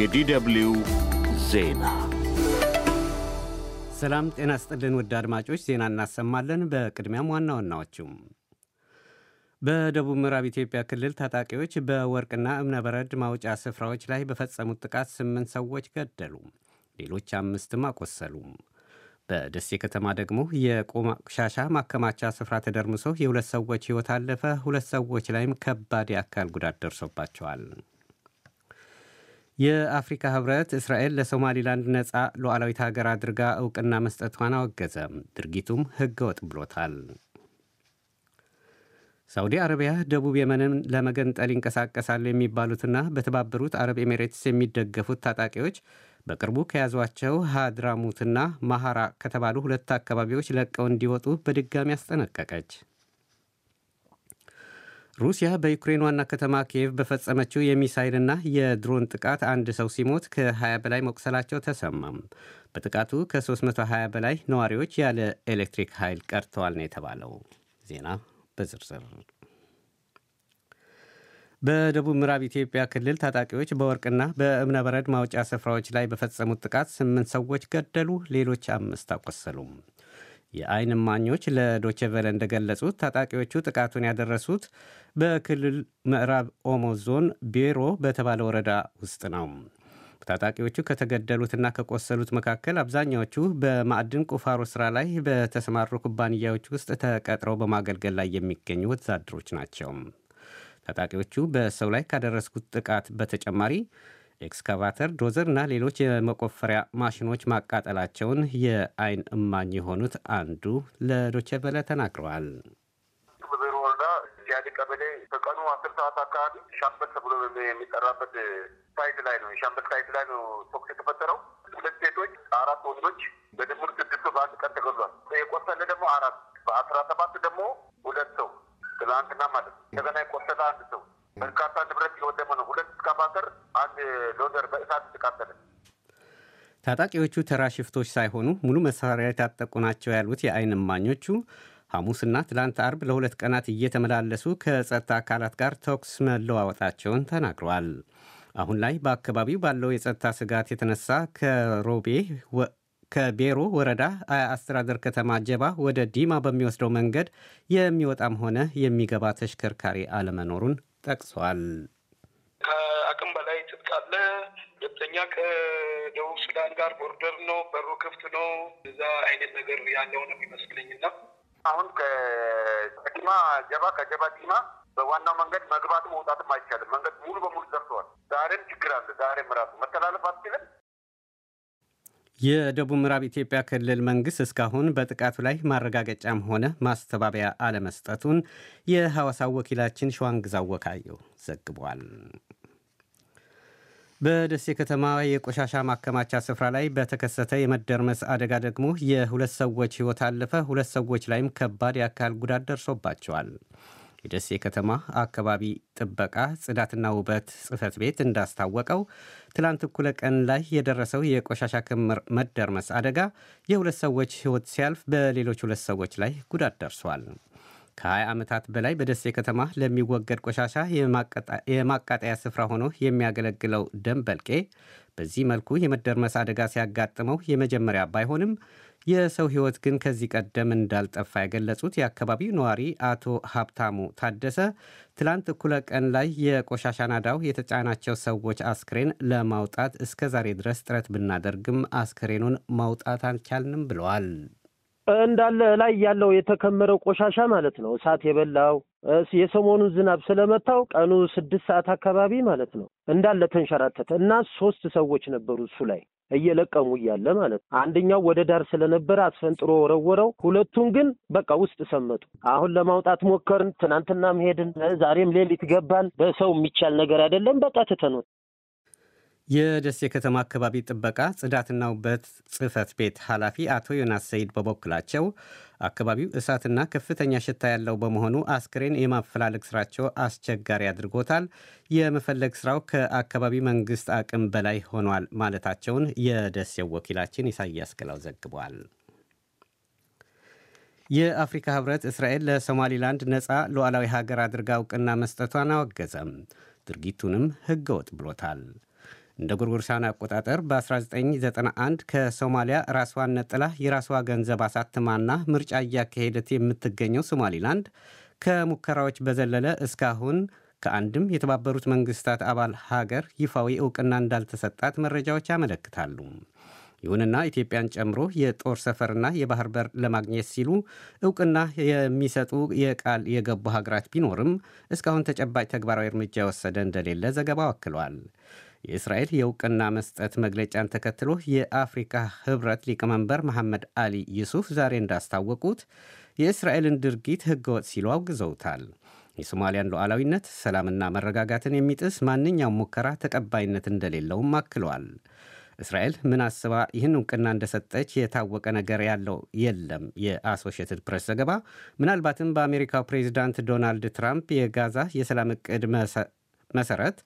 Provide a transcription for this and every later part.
የዲደብልዩ ዜና ሰላም ጤና ስጥልን ውድ አድማጮች፣ ዜና እናሰማለን። በቅድሚያም ዋና ዋናዎቹም በደቡብ ምዕራብ ኢትዮጵያ ክልል ታጣቂዎች በወርቅና እብነበረድ ማውጫ ስፍራዎች ላይ በፈጸሙት ጥቃት ስምንት ሰዎች ገደሉ፣ ሌሎች አምስትም አቆሰሉ። በደሴ ከተማ ደግሞ የቆሻሻ ማከማቻ ስፍራ ተደርምሶ የሁለት ሰዎች ሕይወት አለፈ። ሁለት ሰዎች ላይም ከባድ የአካል ጉዳት ደርሶባቸዋል። የአፍሪካ ህብረት እስራኤል ለሶማሊላንድ ነፃ ሉዓላዊት ሀገር አድርጋ እውቅና መስጠቷን አወገዘ። ድርጊቱም ህገ ወጥ ብሎታል። ሳውዲ አረቢያ ደቡብ የመንን ለመገንጠል ይንቀሳቀሳሉ የሚባሉትና በተባበሩት አረብ ኤሚሬትስ የሚደገፉት ታጣቂዎች በቅርቡ ከያዟቸው ሃድራሙትና ማሃራ ከተባሉ ሁለት አካባቢዎች ለቀው እንዲወጡ በድጋሚ አስጠነቀቀች። ሩሲያ በዩክሬን ዋና ከተማ ኪየቭ በፈጸመችው የሚሳይልና የድሮን ጥቃት አንድ ሰው ሲሞት ከ20 በላይ መቁሰላቸው ተሰማም። በጥቃቱ ከ320 በላይ ነዋሪዎች ያለ ኤሌክትሪክ ኃይል ቀርተዋል ነው የተባለው። ዜና በዝርዝር በደቡብ ምዕራብ ኢትዮጵያ ክልል ታጣቂዎች በወርቅና በእብነበረድ ማውጫ ስፍራዎች ላይ በፈጸሙት ጥቃት ስምንት ሰዎች ገደሉ፣ ሌሎች አምስት አቆሰሉም። የአይን ማኞች ለዶቸቨለ እንደገለጹት ታጣቂዎቹ ጥቃቱን ያደረሱት በክልል ምዕራብ ኦሞ ዞን ቢሮ በተባለ ወረዳ ውስጥ ነው። ታጣቂዎቹ ከተገደሉትና ከቆሰሉት መካከል አብዛኛዎቹ በማዕድን ቁፋሮ ስራ ላይ በተሰማሩ ኩባንያዎች ውስጥ ተቀጥረው በማገልገል ላይ የሚገኙ ወታደሮች ናቸው። ታጣቂዎቹ በሰው ላይ ካደረሱት ጥቃት በተጨማሪ ኤክስካቫተር፣ እና ሌሎች የመቆፈሪያ ማሽኖች ማቃጠላቸውን የአይን እማኝ የሆኑት አንዱ ለዶቼ ቬለ ተናግረዋል። ቀበሌ በቀኑ አስር ሰዓት አካባቢ ሻምበል ተብሎ የሚጠራበት ሳይት ላይ ነው የሻምበል ሳይት ላይ ነው ተኩስ የተፈጠረው። ሁለት ሴቶች፣ አራት ወንዶች በድምር ስድስቱ በአንድ ቀን ተገሏል። የቆሰለ ደግሞ አራት በአስራ ሰባት ደግሞ ሁለት ሰው ትላንትና ማለት ነው። እንደገና የቆሰለ አንድ ሰው በርካታ ሎደር በእሳት ተቃጠለ። ታጣቂዎቹ ተራ ሽፍቶች ሳይሆኑ ሙሉ መሳሪያ የታጠቁ ናቸው ያሉት የአይን እማኞቹ ሐሙስና ትላንት አርብ ለሁለት ቀናት እየተመላለሱ ከጸጥታ አካላት ጋር ተኩስ መለዋወጣቸውን ተናግረዋል። አሁን ላይ በአካባቢው ባለው የጸጥታ ስጋት የተነሳ ከሮቤ ከቤሮ ወረዳ አስተዳደር ከተማ ጀባ ወደ ዲማ በሚወስደው መንገድ የሚወጣም ሆነ የሚገባ ተሽከርካሪ አለመኖሩን ጠቅሷል። ከአቅም አለ። ሁለተኛ ከደቡብ ሱዳን ጋር ቦርደር ነው፣ በሩ ክፍት ነው። እዛ አይነት ነገር ያለው ነው የሚመስለኝ እና አሁን ከዲማ ጀባ ከጀባ ዲማ በዋናው መንገድ መግባትም መውጣትም አይቻልም። መንገድ ሙሉ በሙሉ ዘርተዋል። ዛሬም ችግር አለ። ዛሬም ራሱ መተላለፍ አትችልም። የደቡብ ምዕራብ ኢትዮጵያ ክልል መንግስት እስካሁን በጥቃቱ ላይ ማረጋገጫም ሆነ ማስተባበያ አለመስጠቱን የሐዋሳው ወኪላችን ሸዋንግዛወካየው ዘግቧል። በደሴ ከተማ የቆሻሻ ማከማቻ ስፍራ ላይ በተከሰተ የመደርመስ አደጋ ደግሞ የሁለት ሰዎች ሕይወት አለፈ። ሁለት ሰዎች ላይም ከባድ የአካል ጉዳት ደርሶባቸዋል። የደሴ ከተማ አካባቢ ጥበቃ ጽዳትና ውበት ጽፈት ቤት እንዳስታወቀው ትላንት እኩለ ቀን ላይ የደረሰው የቆሻሻ ክምር መደርመስ አደጋ የሁለት ሰዎች ሕይወት ሲያልፍ በሌሎች ሁለት ሰዎች ላይ ጉዳት ደርሷል። ከ20 ዓመታት በላይ በደሴ ከተማ ለሚወገድ ቆሻሻ የማቃጠያ ስፍራ ሆኖ የሚያገለግለው በልቄ በዚህ መልኩ የመደርመስ አደጋ ሲያጋጥመው የመጀመሪያ ባይሆንም የሰው ሕይወት ግን ከዚህ ቀደም እንዳልጠፋ የገለጹት የአካባቢው ነዋሪ አቶ ሀብታሙ ታደሰ ትላንት እኩለ ቀን ላይ የቆሻሻ ናዳው የተጫናቸው ሰዎች አስክሬን ለማውጣት እስከ ዛሬ ድረስ ጥረት ብናደርግም አስክሬኑን ማውጣት አልቻልንም ብለዋል። እንዳለ ላይ ያለው የተከመረው ቆሻሻ ማለት ነው። እሳት የበላው የሰሞኑን ዝናብ ስለመታው ቀኑ ስድስት ሰዓት አካባቢ ማለት ነው እንዳለ ተንሸራተተ እና ሶስት ሰዎች ነበሩ እሱ ላይ እየለቀሙ እያለ ማለት ነው። አንደኛው ወደ ዳር ስለነበረ አስፈንጥሮ ወረወረው። ሁለቱን ግን በቃ ውስጥ ሰመጡ። አሁን ለማውጣት ሞከርን። ትናንትናም ሄድን፣ ዛሬም ሌሊት ገባን። በሰው የሚቻል ነገር አይደለም። በቃ ትተኖት የደሴ ከተማ አካባቢ ጥበቃ ጽዳትና ውበት ጽህፈት ቤት ኃላፊ አቶ ዮናስ ሰይድ በበኩላቸው አካባቢው እሳትና ከፍተኛ ሽታ ያለው በመሆኑ አስክሬን የማፈላለግ ስራቸው አስቸጋሪ አድርጎታል፣ የመፈለግ ስራው ከአካባቢ መንግስት አቅም በላይ ሆኗል ማለታቸውን የደሴው ወኪላችን ኢሳያስ ገላው ዘግቧል። የአፍሪካ ህብረት እስራኤል ለሶማሊላንድ ነፃ ሉዓላዊ ሀገር አድርጋ እውቅና መስጠቷን አወገዘም፣ ድርጊቱንም ህገወጥ ብሎታል። እንደ ጎርጎሮሳውያን አቆጣጠር በ1991 ከሶማሊያ ራስዋን ነጥላ የራስዋ ገንዘብ አሳትማና ምርጫ እያካሄደት የምትገኘው ሶማሊላንድ ከሙከራዎች በዘለለ እስካሁን ከአንድም የተባበሩት መንግስታት አባል ሀገር ይፋዊ እውቅና እንዳልተሰጣት መረጃዎች ያመለክታሉ። ይሁንና ኢትዮጵያን ጨምሮ የጦር ሰፈርና የባህር በር ለማግኘት ሲሉ እውቅና የሚሰጡ የቃል የገቡ ሀገራት ቢኖርም እስካሁን ተጨባጭ ተግባራዊ እርምጃ የወሰደ እንደሌለ ዘገባው አክሏል። የእስራኤል የእውቅና መስጠት መግለጫን ተከትሎ የአፍሪካ ህብረት ሊቀመንበር መሐመድ አሊ ዩሱፍ ዛሬ እንዳስታወቁት የእስራኤልን ድርጊት ህገወጥ ሲሉ አውግዘውታል። የሶማሊያን ሉዓላዊነት፣ ሰላምና መረጋጋትን የሚጥስ ማንኛውም ሙከራ ተቀባይነት እንደሌለውም አክለዋል። እስራኤል ምን አስባ ይህን እውቅና እንደሰጠች የታወቀ ነገር ያለው የለም። የአሶሽትድ ፕሬስ ዘገባ ምናልባትም በአሜሪካው ፕሬዚዳንት ዶናልድ ትራምፕ የጋዛ የሰላም እቅድ መሰረት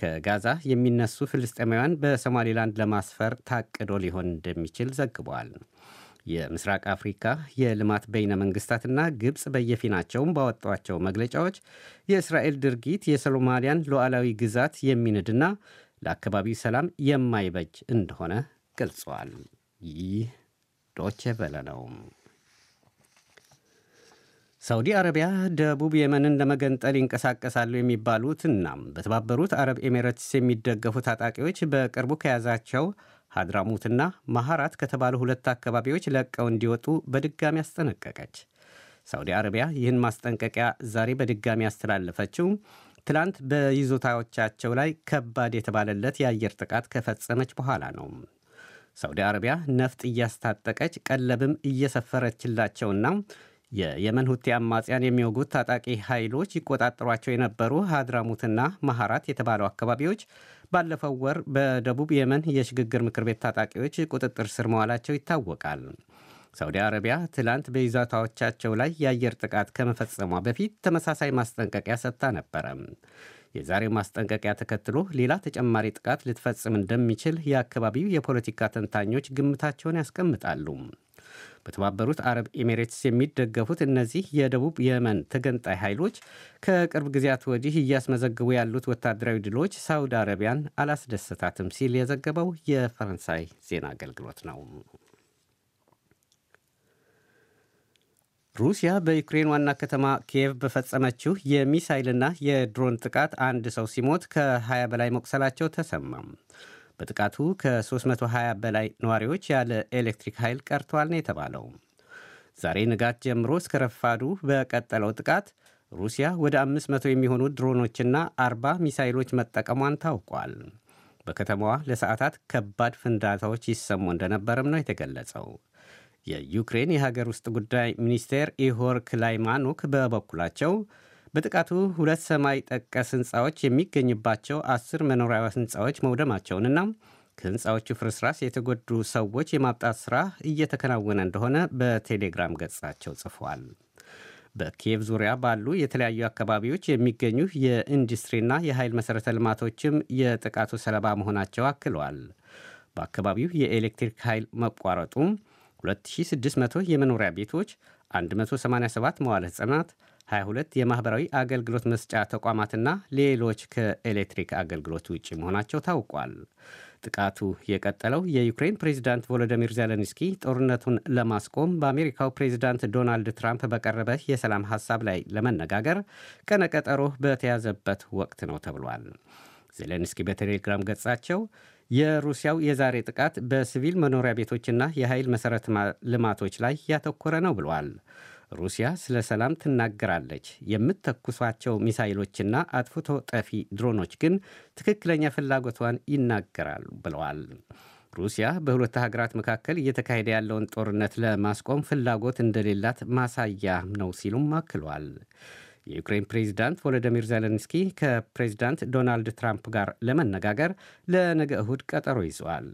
ከጋዛ የሚነሱ ፍልስጤማውያን በሶማሌላንድ ለማስፈር ታቅዶ ሊሆን እንደሚችል ዘግቧል። የምስራቅ አፍሪካ የልማት በይነ መንግስታትና ግብፅ በየፊናቸውም ባወጧቸው መግለጫዎች የእስራኤል ድርጊት የሶማሊያን ሉዓላዊ ግዛት የሚንድና ለአካባቢው ሰላም የማይበጅ እንደሆነ ገልጸዋል። ይህ ዶቼ ቬለ ነው። ሳውዲ አረቢያ ደቡብ የመንን ለመገንጠል ይንቀሳቀሳሉ የሚባሉት እናም በተባበሩት አረብ ኤሚሬትስ የሚደገፉ ታጣቂዎች በቅርቡ ከያዛቸው ሀድራሙትና ማሐራት ከተባሉ ሁለት አካባቢዎች ለቀው እንዲወጡ በድጋሚ አስጠነቀቀች። ሳውዲ አረቢያ ይህን ማስጠንቀቂያ ዛሬ በድጋሚ ያስተላለፈችው ትላንት በይዞታዎቻቸው ላይ ከባድ የተባለለት የአየር ጥቃት ከፈጸመች በኋላ ነው። ሳውዲ አረቢያ ነፍጥ እያስታጠቀች ቀለብም እየሰፈረችላቸውና የየመን ሁቴ አማጽያን የሚወጉት ታጣቂ ኃይሎች ይቆጣጠሯቸው የነበሩ ሀድራሙትና መሐራት የተባሉ አካባቢዎች ባለፈው ወር በደቡብ የመን የሽግግር ምክር ቤት ታጣቂዎች ቁጥጥር ስር መዋላቸው ይታወቃል። ሳውዲ አረቢያ ትላንት በይዞታዎቻቸው ላይ የአየር ጥቃት ከመፈጸሟ በፊት ተመሳሳይ ማስጠንቀቂያ ሰጥታ ነበረ። የዛሬው ማስጠንቀቂያ ተከትሎ ሌላ ተጨማሪ ጥቃት ልትፈጽም እንደሚችል የአካባቢው የፖለቲካ ተንታኞች ግምታቸውን ያስቀምጣሉ። በተባበሩት አረብ ኤሚሬትስ የሚደገፉት እነዚህ የደቡብ የመን ተገንጣይ ኃይሎች ከቅርብ ጊዜያት ወዲህ እያስመዘግቡ ያሉት ወታደራዊ ድሎች ሳውዲ አረቢያን አላስደሰታትም ሲል የዘገበው የፈረንሳይ ዜና አገልግሎት ነው። ሩሲያ በዩክሬን ዋና ከተማ ኪየቭ በፈጸመችው የሚሳይልና የድሮን ጥቃት አንድ ሰው ሲሞት ከ20 በላይ መቁሰላቸው ተሰማም። በጥቃቱ ከ320 በላይ ነዋሪዎች ያለ ኤሌክትሪክ ኃይል ቀርቷል ነው የተባለው። ዛሬ ንጋት ጀምሮ እስከ ረፋዱ በቀጠለው ጥቃት ሩሲያ ወደ 500 የሚሆኑ ድሮኖችና 40 ሚሳይሎች መጠቀሟን ታውቋል። በከተማዋ ለሰዓታት ከባድ ፍንዳታዎች ይሰሙ እንደነበርም ነው የተገለጸው። የዩክሬን የሀገር ውስጥ ጉዳይ ሚኒስቴር ኢሆር ክላይማኖክ በበኩላቸው በጥቃቱ ሁለት ሰማይ ጠቀስ ህንፃዎች የሚገኝባቸው አስር መኖሪያ ህንፃዎች መውደማቸውንና ከህንፃዎቹ ፍርስራስ የተጎዱ ሰዎች የማብጣት ሥራ እየተከናወነ እንደሆነ በቴሌግራም ገጻቸው ጽፏል። በኪየቭ ዙሪያ ባሉ የተለያዩ አካባቢዎች የሚገኙ የኢንዱስትሪና የኃይል መሠረተ ልማቶችም የጥቃቱ ሰለባ መሆናቸው አክለዋል። በአካባቢው የኤሌክትሪክ ኃይል መቋረጡም 2600 የመኖሪያ ቤቶች፣ 187 መዋለ ሕፃናት 22 የማኅበራዊ አገልግሎት መስጫ ተቋማትና ሌሎች ከኤሌክትሪክ አገልግሎት ውጭ መሆናቸው ታውቋል። ጥቃቱ የቀጠለው የዩክሬን ፕሬዚዳንት ቮሎዲሚር ዜለንስኪ ጦርነቱን ለማስቆም በአሜሪካው ፕሬዚዳንት ዶናልድ ትራምፕ በቀረበ የሰላም ሐሳብ ላይ ለመነጋገር ቀነቀጠሮ በተያዘበት ወቅት ነው ተብሏል። ዜሌንስኪ በቴሌግራም ገጻቸው የሩሲያው የዛሬ ጥቃት በሲቪል መኖሪያ ቤቶችና የኃይል መሠረተ ልማቶች ላይ ያተኮረ ነው ብለዋል። ሩሲያ ስለ ሰላም ትናገራለች። የምትተኩሷቸው ሚሳይሎችና አጥፍቶ ጠፊ ድሮኖች ግን ትክክለኛ ፍላጎቷን ይናገራሉ ብለዋል። ሩሲያ በሁለት ሀገራት መካከል እየተካሄደ ያለውን ጦርነት ለማስቆም ፍላጎት እንደሌላት ማሳያ ነው ሲሉም አክሏል። የዩክሬን ፕሬዚዳንት ቮሎዲሚር ዜሌንስኪ ከፕሬዚዳንት ዶናልድ ትራምፕ ጋር ለመነጋገር ለነገ እሁድ ቀጠሮ ይዘዋል።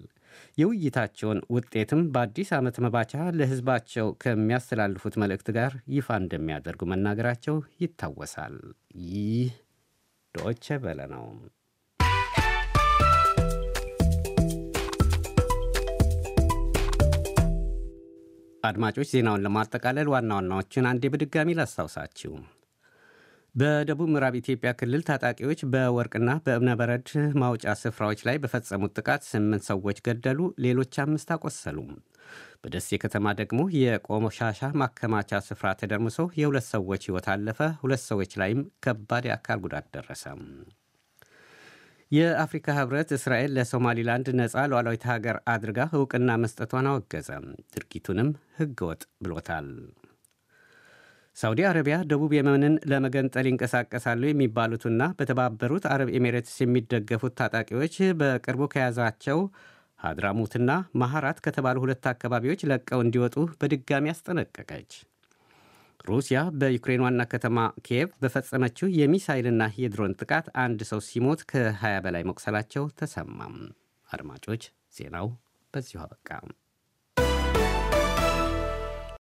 የውይይታቸውን ውጤትም በአዲስ ዓመት መባቻ ለሕዝባቸው ከሚያስተላልፉት መልእክት ጋር ይፋ እንደሚያደርጉ መናገራቸው ይታወሳል። ይህ ዶይቼ ቬለ ነው። አድማጮች ዜናውን ለማጠቃለል ዋና ዋናዎችን አንዴ በድጋሚ ላስታውሳችሁ። በደቡብ ምዕራብ ኢትዮጵያ ክልል ታጣቂዎች በወርቅና በእብነበረድ ማውጫ ስፍራዎች ላይ በፈጸሙት ጥቃት ስምንት ሰዎች ገደሉ፣ ሌሎች አምስት አቆሰሉም። በደሴ ከተማ ደግሞ የቆሻሻ ማከማቻ ስፍራ ተደርምሶ የሁለት ሰዎች ሕይወት አለፈ። ሁለት ሰዎች ላይም ከባድ የአካል ጉዳት ደረሰ። የአፍሪካ ህብረት እስራኤል ለሶማሊላንድ ነፃ ሉዓላዊት ሀገር አድርጋ እውቅና መስጠቷን አወገዘ። ድርጊቱንም ህገወጥ ብሎታል። ሳውዲ አረቢያ ደቡብ የመንን ለመገንጠል ይንቀሳቀሳሉ የሚባሉትና በተባበሩት አረብ ኤሚሬትስ የሚደገፉት ታጣቂዎች በቅርቡ ከያዛቸው ሀድራሙትና ማሐራት ከተባሉ ሁለት አካባቢዎች ለቀው እንዲወጡ በድጋሚ አስጠነቀቀች። ሩሲያ በዩክሬን ዋና ከተማ ኪየቭ በፈጸመችው የሚሳይልና የድሮን ጥቃት አንድ ሰው ሲሞት ከ20 በላይ መቁሰላቸው ተሰማም። አድማጮች ዜናው በዚሁ አበቃ።